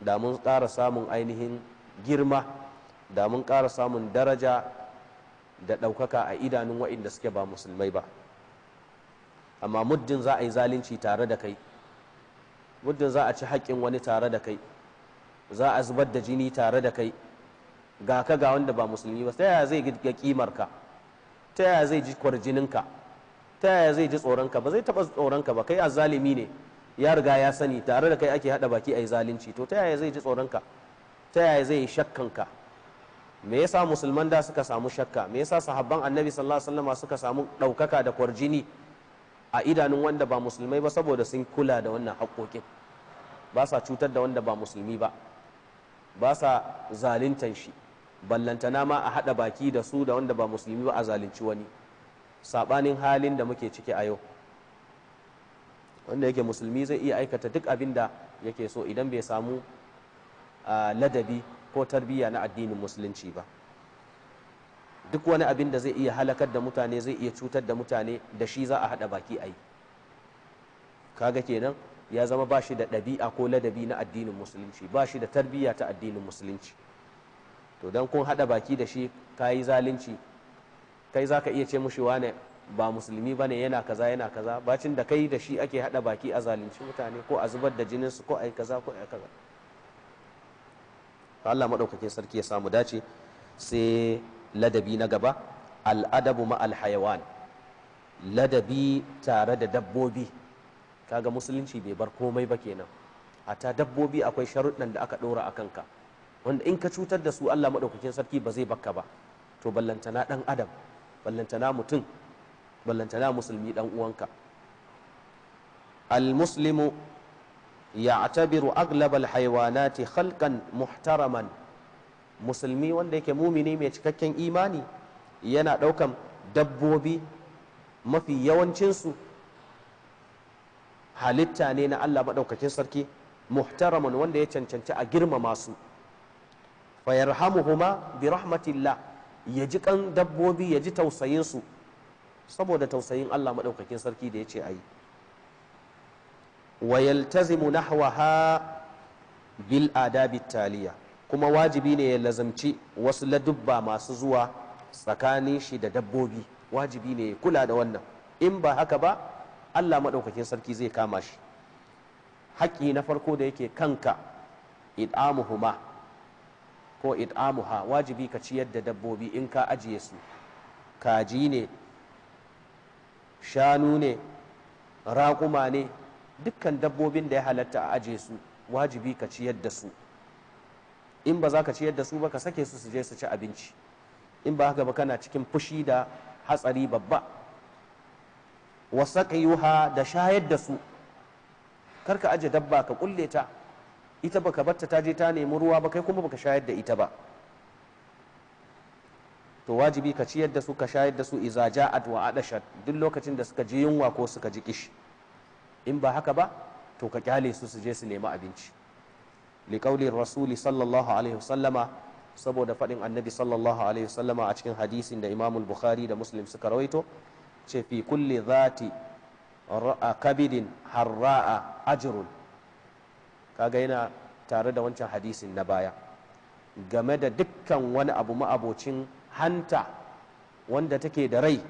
Speaker 1: da mun ƙara samun ainihin girma da mun ƙara samun daraja da ɗaukaka a idanun waɗanda suke ba musulmai ba amma muddin za a yi zalunci tare da kai muddin za a ci haƙƙin wani tare da kai za a zubar da jini tare da kai ga ka ga wanda ba musulmi ba ta yaya zai ga ka ta yaya zai ji ka ta yaya zai ji tsoron ka ba zai taɓa ka ba kai azzalimi ne ya riga ya sani tare da kai ake haɗa baki a yi zalunci to ta yaya zai ji tsoron ka. ta yaya zai yi shakkanka me yasa musulman da suka samu shakka me yasa sahabban annabi sallallahu alaihi wasallam suka samu ɗaukaka da kwarjini a idanun wanda ba musulmai ba saboda sun kula da wannan haƙoƙin ba sa cutar da wanda ba musulmi ba ba sa zaluntan shi ballantana ma a haɗa baki da su da wanda ba musulmi ba a zalunci wani saɓanin halin da muke ciki a yau wanda yake musulmi zai iya aikata duk abin da yake so idan bai samu ladabi ko tarbiyya na addinin musulunci ba duk wani abin da zai iya halakar da mutane zai iya cutar da mutane da shi za a haɗa baki a yi kaga kenan ya zama ba shi da ɗabi'a ko ladabi na addinin musulunci ba shi da tarbiyya ta addinin musulunci to don kun haɗa baki da shi ka yi zalunci kai za ka iya ce mushi wane ba musulmi ba ne yana kaza yana kaza bacin da kai da shi ake haɗa baki a zalunci mutane ko a zubar da jininsu ko a yi kaza ko a yi kaza Allah madaukakin sarki ya samu dace sai ladabi na gaba al'adabu ma hayawan ladabi tare da dabbobi kaga musulunci bai bar komai ba kenan a ta dabbobi akwai sharuɗan da aka ɗora a kanka wanda in ka cutar da su Allah maɗaukakin sarki ba zai bakka ba to ballantana ɗan adam ballantana mutum ballantana musulmi ɗan uwanka al-muslimu ya ya'tabiru aglabal haiwanati halkan muhtaraman musulmi wanda yake mumini mai cikakken imani yana ɗaukan dabbobi mafi yawancinsu halitta ne na Allah maɗaukakin sarki muhtaraman wanda ya cancanci a girmama su fayarhamuhuma bi rahmatillah ya ji kan dabbobi yaji tausayinsu saboda tausayin Allah maɗaukakin sarki da ya ce a yi wa yaltazimu nahwaha bil adabi taliya kuma wajibi ne ya lazumci wasu ladubba masu zuwa tsakanin shi da dabbobi wajibi ne ya kula da wannan in ba haka ba Allah maɗaukakin sarki zai kama shi haƙƙi na farko da yake kanka id'amuhuma ko id'amuha wajibi ka ciyar da dabbobi in ka ajiye su kaji ne shanu ne raƙuma ne dukkan dabbobin da ya halatta a aje su wajibi ka ciyar da su in ba za ka ciyar da su ba ka sake su su je su ci abinci in ba haka ba kana cikin fushi da hatsari babba wasaƙiyuha da shayar da su kar ka aje dabba ka kulle ta ita baka batta ta je ta nemi ruwa ba kai kuma baka shayar da ita ba to wajibi ka ciyar da su ka shayar da su iza ja'at wa adashat duk lokacin da suka ji yunwa ko suka ji kishi in ba haka ba to ka kyale su su je su nemi abinci liƙaulin rasuli sallallahu alaihi wasallama saboda faɗin annabi sallallahu alaihi wasallama a cikin hadisin da imamul bukhari da muslim suka rawaito ce fi kulli zati kabidin harra'a ajrun kaga yana tare da wancan hadisin na baya game da dukkan wani abu ma'abocin hanta wanda take da rai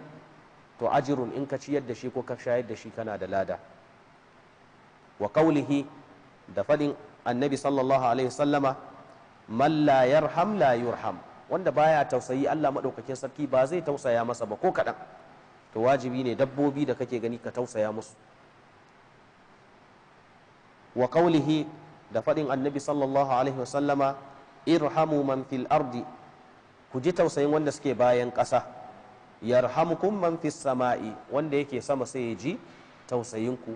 Speaker 1: to ajirun in ka ciyar da shi ko ka shayar da shi kana da lada wa qawlihi da fadin annabi sallallahu alaihi wasallama man la yarham la yurham wanda baya tausayi Allah madaukakin sarki ba zai tausaya masa ba ko kadan to wajibi ne dabbobi da kake gani ka tausaya musu wa da fadin annabi sallallahu alaihi sallama irhamu man fil ardi ku ji tausayin wanda suke bayan ƙasa yarhamukum man fis sama'i wanda yake sama sai ya ji tausayinku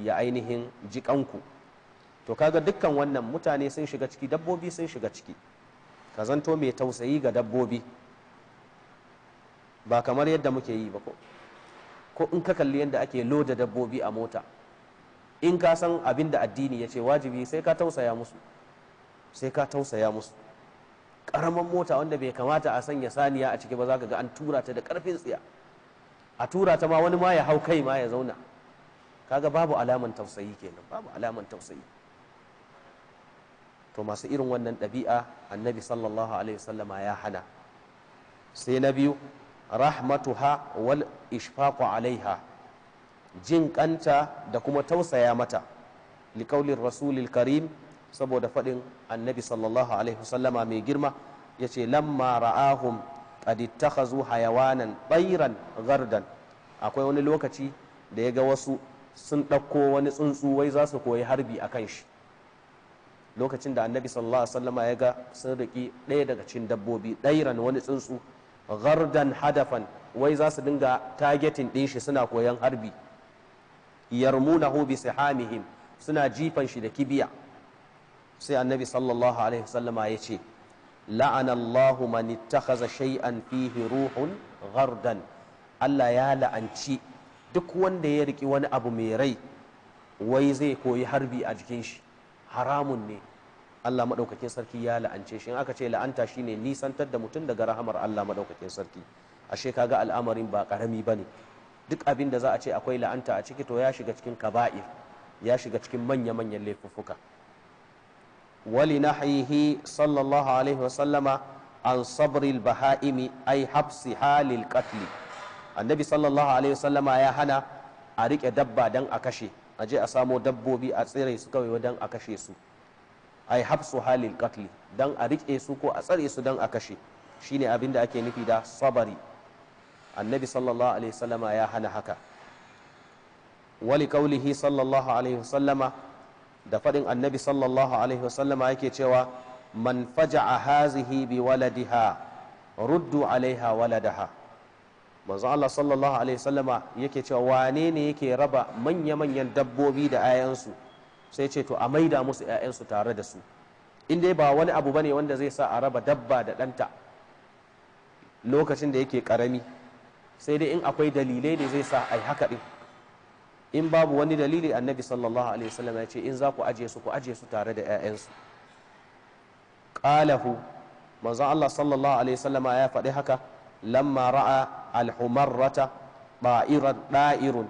Speaker 1: ya ainihin jikanku. to kaga dukkan wannan mutane sun shiga ciki dabbobi sun shiga ciki ka zanto mai tausayi ga dabbobi ba kamar yadda muke yi ba ko ko in ka kalli yadda ake loda dabbobi a mota in ka san abin da addini ya ce wajibi sai ka tausaya musu sai ka tausaya musu karaman mota wanda bai kamata a sanya saniya a ciki ba za ka ga an tura ta da karfin tsiya a tura ta ma wani ma ya hau kai ma ya zauna kaga babu alaman tausayi kenan babu alaman tausayi to masu irin wannan ɗabi'a annabi sallallahu alaihi sallama ya hana sai na biyu rahmatuha wal ishfaqu alaiha jin kanta da kuma tausaya mata liƙaulin rasulil karim saboda faɗin annabi sallallahu alaihi sallama mai girma ya ce lamma ra'ahum qad ittakhazu hayawanan tsairan gardan akwai wani lokaci da ya ga wasu sun ɗauko wani tsuntsu wai za su koyi harbi a kan shi lokacin da annabi sallallahu alaihi wasallama ya ga sun riƙi ɗaya daga cikin dabbobi ɗairan wani tsuntsu gardan hadafan wai za su dinga targetin ɗin shi suna koyan harbi yarmunahu bi sihamihim suna jifan shi da kibiya sai annabi sallallahu alaihi wasallama ya ce la'anallahu man ittakhadha shay'an fihi ruhun gardan Allah ya la'anci duk wanda ya riki wani abu mai rai wai zai koyi harbi a jikin shi haramun ne Allah maɗaukakin sarki ya la'ance shi in aka ce la'anta shine nisantar da mutum daga rahamar Allah maɗaukakin sarki ashe kaga al'amarin ba ƙarami ba ne duk abin da za a ce akwai la'anta a ciki to ya shiga cikin kaba'ir ya shiga cikin manya-manyan laifuffuka wali nahihi sallallahu alaihi wasallama an sabril baha'imi ai habsi halil katli. annabi sallallahu alaihi wasallama ya hana a riƙe dabba don a kashe a je a samo dabbobi a tsire su kawai don a kashe su a yi hafsu halin katli don a riƙe su ko a tsare su don a kashe shine abin da ake nufi da sabari annabi sallallahu alaihi wasallama ya hana haka wali kaulihi sallallahu alaihi wasallama da faɗin annabi sallallahu alaihi wasallama yake cewa man faja'a hazihi bi waladiha ruddu alaiha waladaha manzo Allah sallallahu alaihi wasallama yake cewa wane ne yake raba manya-manyan dabbobi da 'ya'yansu sai ce to a maida musu 'ya'yansu tare da su in dai ba wani abu bane wanda zai sa a raba dabba da ɗanta lokacin da yake karami sai dai in akwai dalilai da zai sa a yi haka din in babu wani dalili annabi sallallahu alaihi wasallam ya ce in za ku aje su ku aje su tare da 'ya'yansu qalahu manzo Allah sallallahu alaihi wasallama ya faɗi haka lamma ra'a alhumarrata ba'iran da'irun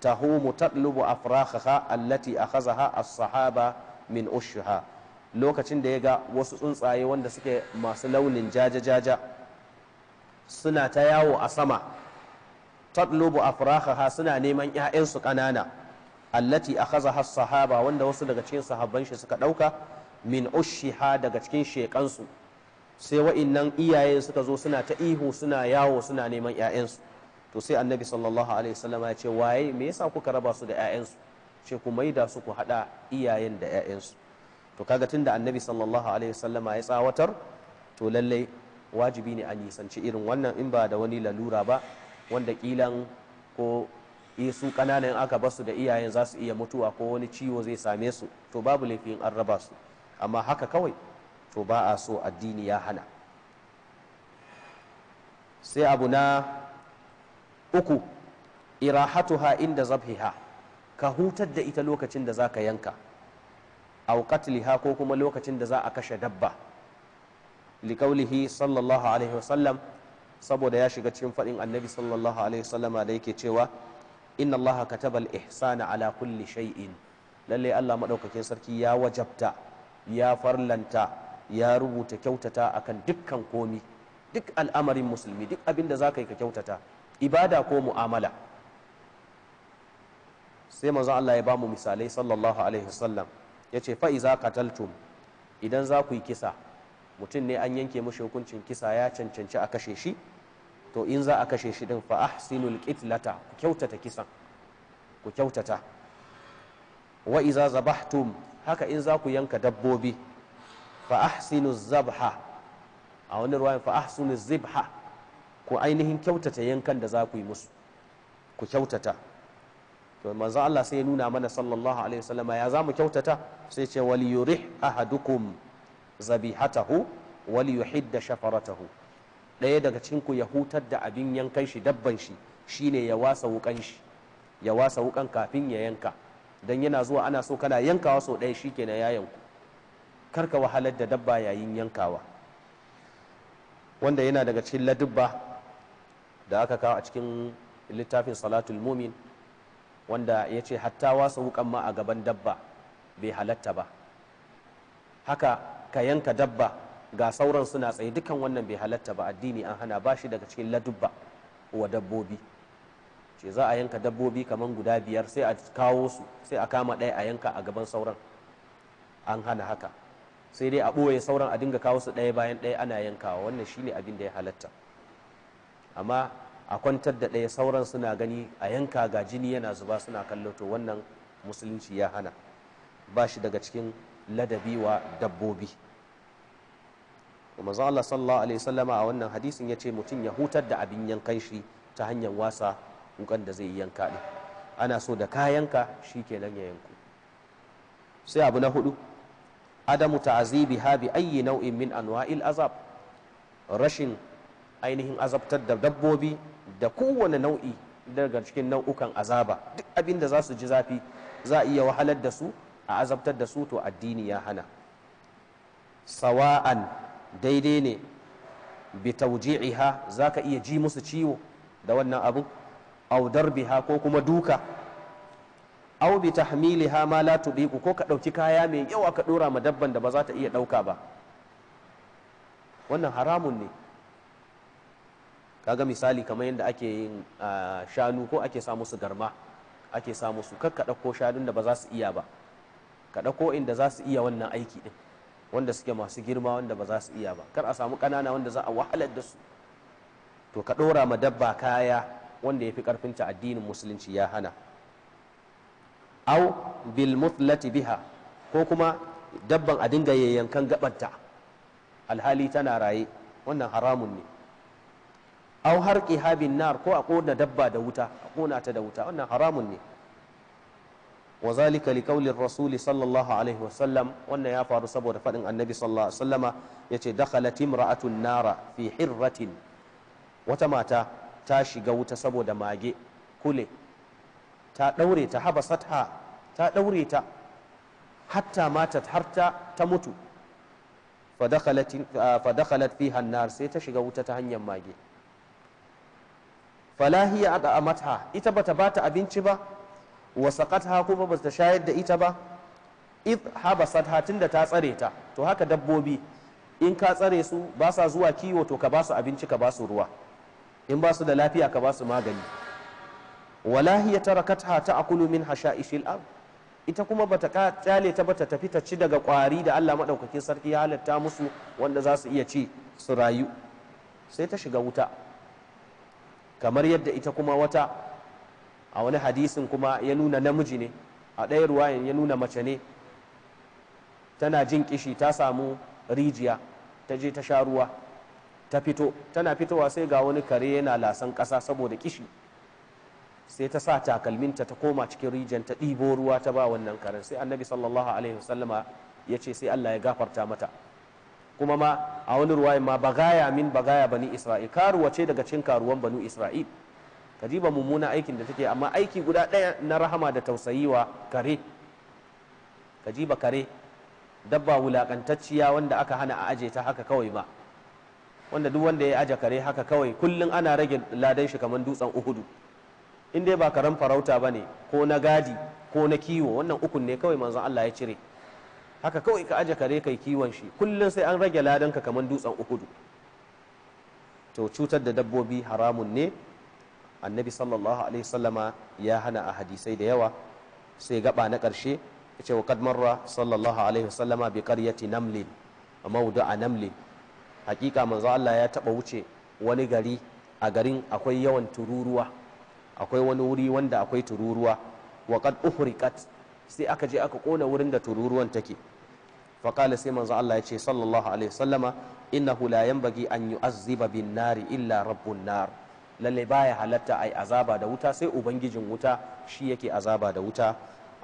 Speaker 1: tahumu tatlubu afrakhaha allati akhazaha as-sahaba min ushha lokacin da ya ga wasu tsuntsaye wanda suke masu launin jaja-jaja suna ta yawo a sama tatlubu afrakhaha suna neman 'ya'yansu ƙanana allati akhazaha as-sahaba wanda wasu daga cikin sahabban shi suka dauka min ushiha daga cikin shekansu sai wa'innan iyaye suka zo suna ta ihu suna yawo suna neman 'ya'yansu to sai annabi sallallahu alaihi wasallam ya ce waye me yasa kuka raba su da 'ya'yansu ce ku maida su ku hada iyayen da 'ya'yansu to kaga tunda annabi sallallahu alaihi wasallam ya tsawatar to lallai wajibi ne a nisanci irin wannan in ba da wani lalura ba wanda kilan ko su kananan aka basu da iyayen za su iya mutuwa ko wani ciwo zai same su to babu laifin an raba su amma haka kawai to ba a so addini ya hana sai abu na uku irahatuha inda zabhiha ka hutar da ita lokacin da za ka yanka auqatliha ko kuma lokacin da za a kashe dabba likaulihi sallallahu alaihi wasallam saboda ya shiga cikin faɗin annabi sallallahu alaihi wasallama da yake cewa inna allaha kataba al-ihsana ala kulli shay'in lalle Allah madaukakin sarki ya wajabta ya farlanta ya rubuta kyautata akan dukkan komi duk al'amarin musulmi duk abin da za ka yi ka kyautata ibada ko mu'amala sai manzo Allah ya ba mu misalai sallallahu alaihi wasallam ya ce fa iza qataltum idan za ku yi kisa mutum ne an yanke mashi hukuncin kisa ya cancanci a kashe shi to in za a kashe shi din fa ahsinul qitlata ku kyautata kisan ku kyautata wa iza zabahtum haka in za ku yanka dabbobi fa ahsinu zabha a wani ruwayan ku ainihin kyautata yankan da za ku yi musu ku kyautata to manzo Allah sai ya nuna mana sallallahu alaihi wasallama ya za mu kyautata sai ce wal yurih ahadukum zabihatahu wal yuhidda shafaratahu ɗaya daga cikin ku ya hutar da abin yankan shi dabban shi shine ya wasa wukan shi ya wasa wukan kafin ya yanka dan yana zuwa ana so kana yankawa so ɗaya shikenan ya yanku karka wahalar da dabba yayin yankawa wanda yana daga cikin ladubba da aka kawo a cikin littafin salatul mumin wanda ya ce hatta wasa wukan ma a gaban dabba bai halatta ba haka ka yanka dabba ga sauran suna tsaye dukan wannan bai halatta ba addini an hana ba shi daga cikin ladubba wa dabbobi ce za a yanka dabbobi kamar guda biyar sai a kawo su sai a kama ɗaya a yanka a gaban sauran an hana haka sai dai a ɓoye sauran a dinga kawo su ɗaya bayan ɗaya ana yankawa wannan shine abin da ya halatta amma a kwantar da ɗaya sauran suna gani a yanka ga jini yana zuba suna kallo to wannan musulunci ya hana ba shi daga cikin ladabi wa dabbobi manzo Allah sallallahu alaihi wasallama a wannan hadisin yace mutum ya hutar da abin yankan shi ta hanyar wasa wukan da zai yanka din ana so da kayanka shikenan ya yanku sai abu na hudu adamu ta'azibi ha bi ayyi nau'in min anwa'il azab rashin ainihin azabtar da dabbobi da kowane nau'i daga cikin nau'ukan azaba duk abin da za su ji zafi za a iya wahalar da su a azabtar da su to addini ya hana sawa'an daidai ne bi tauji'iha zaka iya ji musu ciwo da wannan abu audar biha ko kuma duka au bi tahmiliha ma la tudiku ko ka dauki kaya mai yawa ka dora ma dabban da ba za ta iya dauka ba wannan haramun ne kaga misali kamar yadda ake yin shanu ko ake samu su garma ake samu su kakka dauko shanun da ba za su iya ba ka dauko inda za su iya wannan aiki din wanda suke masu girma wanda ba za su iya ba kar a samu kanana wanda za a wahalar da su to ka dora ma dabba kaya wanda ya fi ta addinin musulunci ya hana au bil mutlati biha ko kuma dabban a dinga yayyankan gabanta alhali tana raye wannan haramun ne au harqi habin nar ko a kona dabba da wuta a kona ta da wuta wannan haramun ne wa zalika li rasul sallallahu alaihi wa sallam, wannan ya faru saboda fadin annabi sallallahu alaihi wasallama yace dakhalat imra'atun nara fi hirratin wata mata ta shiga wuta saboda mage kule ta ɗaure ta haba satha ta ɗaure ta hatta mata harta ta mutu fadakalat fi hannar sai ta shiga wuta ta hanyar mage falahiya a da'amatha ita bata bata abinci ba wasa ƙata kuma ta shayar da ita ba id tun tunda ta tsare ta to haka dabbobi in ka tsare su ba sa zuwa kiwo to ka ba su abinci ka ba su ruwa in ba su da lafiya ka ba su magani wala hiya tarakatha ta'kulu min hasha'ishil ard ita kuma bata tsale ta bata tafi ta ci daga kwari da Allah madaukakin sarki ya halatta musu wanda za su iya ci su rayu sai ta shiga wuta kamar yadda ita kuma wata a wani hadisin kuma ya nuna namiji ne a ɗaya ruwayan ya nuna mace ne tana jin kishi ta samu rijiya ta je ta sha ruwa ta fito tana fitowa sai ga wani kare yana lasan ƙasa saboda kishi sai ta sa takalminta ta koma cikin rijiyar ta ɗibo ruwa ta ba wannan karen sai annabi sallallahu alaihi wasallama ya ce sai Allah ya gafarta mata kuma ma a wani ruwayin ma bagaya min bagaya bani isra'il karuwa ce daga cin karuwan bani isra'il ka ba mummuna aikin da take amma aiki guda ɗaya na rahama da tausayi wa kare ka ba kare dabba wulakantacciya wanda aka hana a aje ta haka kawai ba wanda duk wanda ya aje kare haka kawai kullum ana rage ladan shi kamar dutsen uhudu in dai ba karen farauta ba ne ko na gadi ko na kiwo wannan ukun ne kawai manzon Allah ya cire haka kawai ka aje kare kai kiwon shi kullum sai an rage ladan ka kamar dutsen uhudu to cutar da dabbobi haramun ne annabi sallallahu alaihi sallama ya hana a hadisai da yawa sai gaba na karshe yace wa kad marra sallallahu alaihi sallama bi qaryati namlin mawdu'a namlin hakika manzo Allah ya taba wuce wani gari a garin akwai yawan tururuwa akwai wani wuri wanda akwai tururuwa wa qad uhriqat sai aka je aka kona wurin da tururuwan take fa qala sai manzo Allah ya ce sallallahu alaihi wasallama innahu la yanbaghi an yu'azziba bin nari illa rabbun nar lalle baya halatta ai azaba da wuta sai ubangijin wuta shi yake azaba da wuta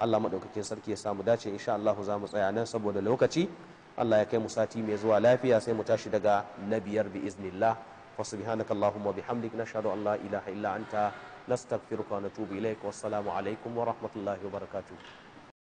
Speaker 1: Allah madaukakin sarki ya samu dace insha Allah za mu tsaya nan saboda lokaci Allah ya kai mu sati mai zuwa lafiya sai mu tashi daga na biyar bi iznillah wa subhanakallahumma bihamdik nashhadu an la ilaha illa anta نستغفرك ونتوب إليك والسلام عليكم ورحمة الله وبركاته